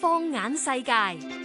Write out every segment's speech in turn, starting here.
放眼世界。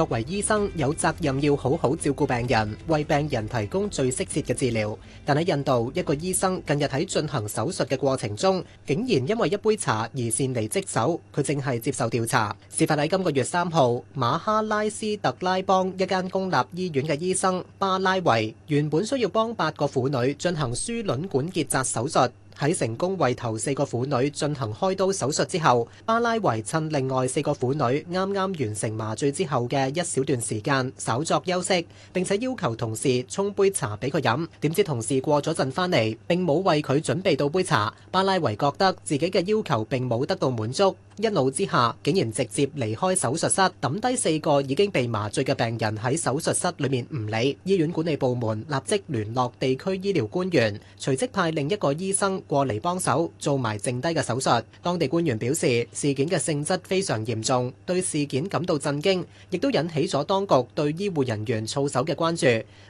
作為醫生，有責任要好好照顧病人，為病人提供最適切嘅治療。但喺印度，一個醫生近日喺進行手術嘅過程中，竟然因為一杯茶而擅離職守，佢正係接受調查。事發喺今個月三號，馬哈拉斯特拉邦一間公立醫院嘅醫生巴拉維原本需要幫八個婦女進行輸卵管結紮手術。喺成功為頭四個婦女進行開刀手術之後，巴拉維趁另外四個婦女啱啱完成麻醉之後嘅一小段時間，稍作休息，並且要求同事沖杯茶俾佢飲。點知同事過咗陣翻嚟，並冇為佢準備到杯茶。巴拉維覺得自己嘅要求並冇得到滿足，一怒之下，竟然直接離開手術室，抌低四個已經被麻醉嘅病人喺手術室裏面唔理。醫院管理部門立即聯絡地區醫療官員，隨即派另一個醫生。過嚟幫手做埋剩低嘅手術。當地官員表示，事件嘅性質非常嚴重，對事件感到震驚，亦都引起咗當局對醫護人員操守嘅關注。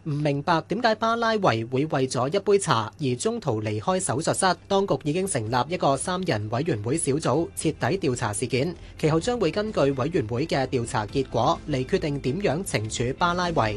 唔明白點解巴拉維會為咗一杯茶而中途離開手術室。當局已經成立一個三人委員會小組，徹底調查事件。其後將會根據委員會嘅調查結果嚟決定點樣懲處巴拉維。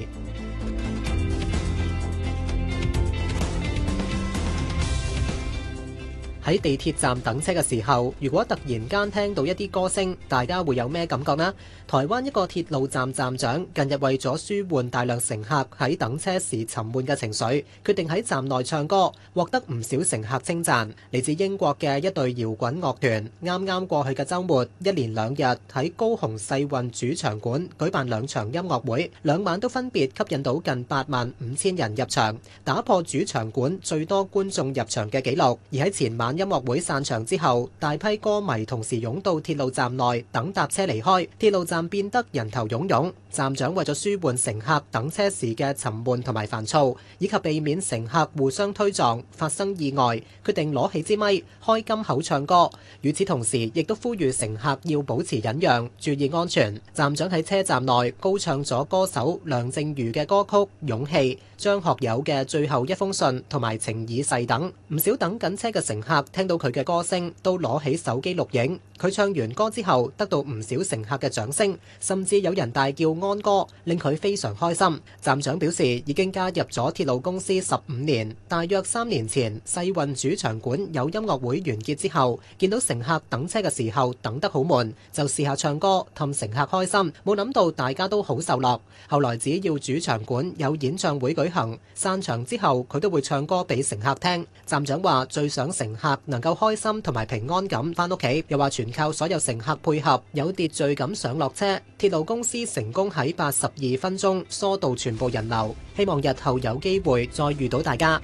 喺地鐵站等車嘅時候，如果突然間聽到一啲歌聲，大家會有咩感覺呢？台灣一個鐵路站站長近日為咗舒緩大量乘客喺等車時沉悶嘅情緒，決定喺站內唱歌，獲得唔少乘客稱讚。嚟自英國嘅一隊搖滾樂團，啱啱過去嘅周末，一連兩日喺高雄世運主場館舉辦兩場音樂會，兩晚都分別吸引到近八萬五千人入場，打破主場館最多觀眾入場嘅記錄，而喺前晚，音樂會散場之後，大批歌迷同時湧到鐵路站內等搭車離開，鐵路站變得人頭涌涌。站長為咗舒緩乘客等車時嘅沉悶同埋煩躁，以及避免乘客互相推撞發生意外，決定攞起支咪開金口唱歌。與此同時，亦都呼籲乘客要保持忍讓，注意安全。站長喺車站內高唱咗歌手梁靜茹嘅歌曲《勇氣》，張學友嘅《最後一封信》同埋《情已逝》等。唔少等緊車嘅乘客。聽到佢嘅歌聲，都攞起手機錄影。佢唱完歌之後，得到唔少乘客嘅掌聲，甚至有人大叫安哥，令佢非常開心。站長表示，已經加入咗鐵路公司十五年，大約三年前世運主場館有音樂會完結之後，見到乘客等車嘅時候等得好悶，就試下唱歌氹乘客開心。冇諗到大家都好受落，後來只要主場館有演唱會舉行，散場之後佢都會唱歌俾乘客聽。站長話：最想乘客能夠開心同埋平安咁返屋企，又話全靠所有乘客配合，有秩序咁上落車。鐵路公司成功喺八十二分鐘疏導全部人流，希望日後有機會再遇到大家。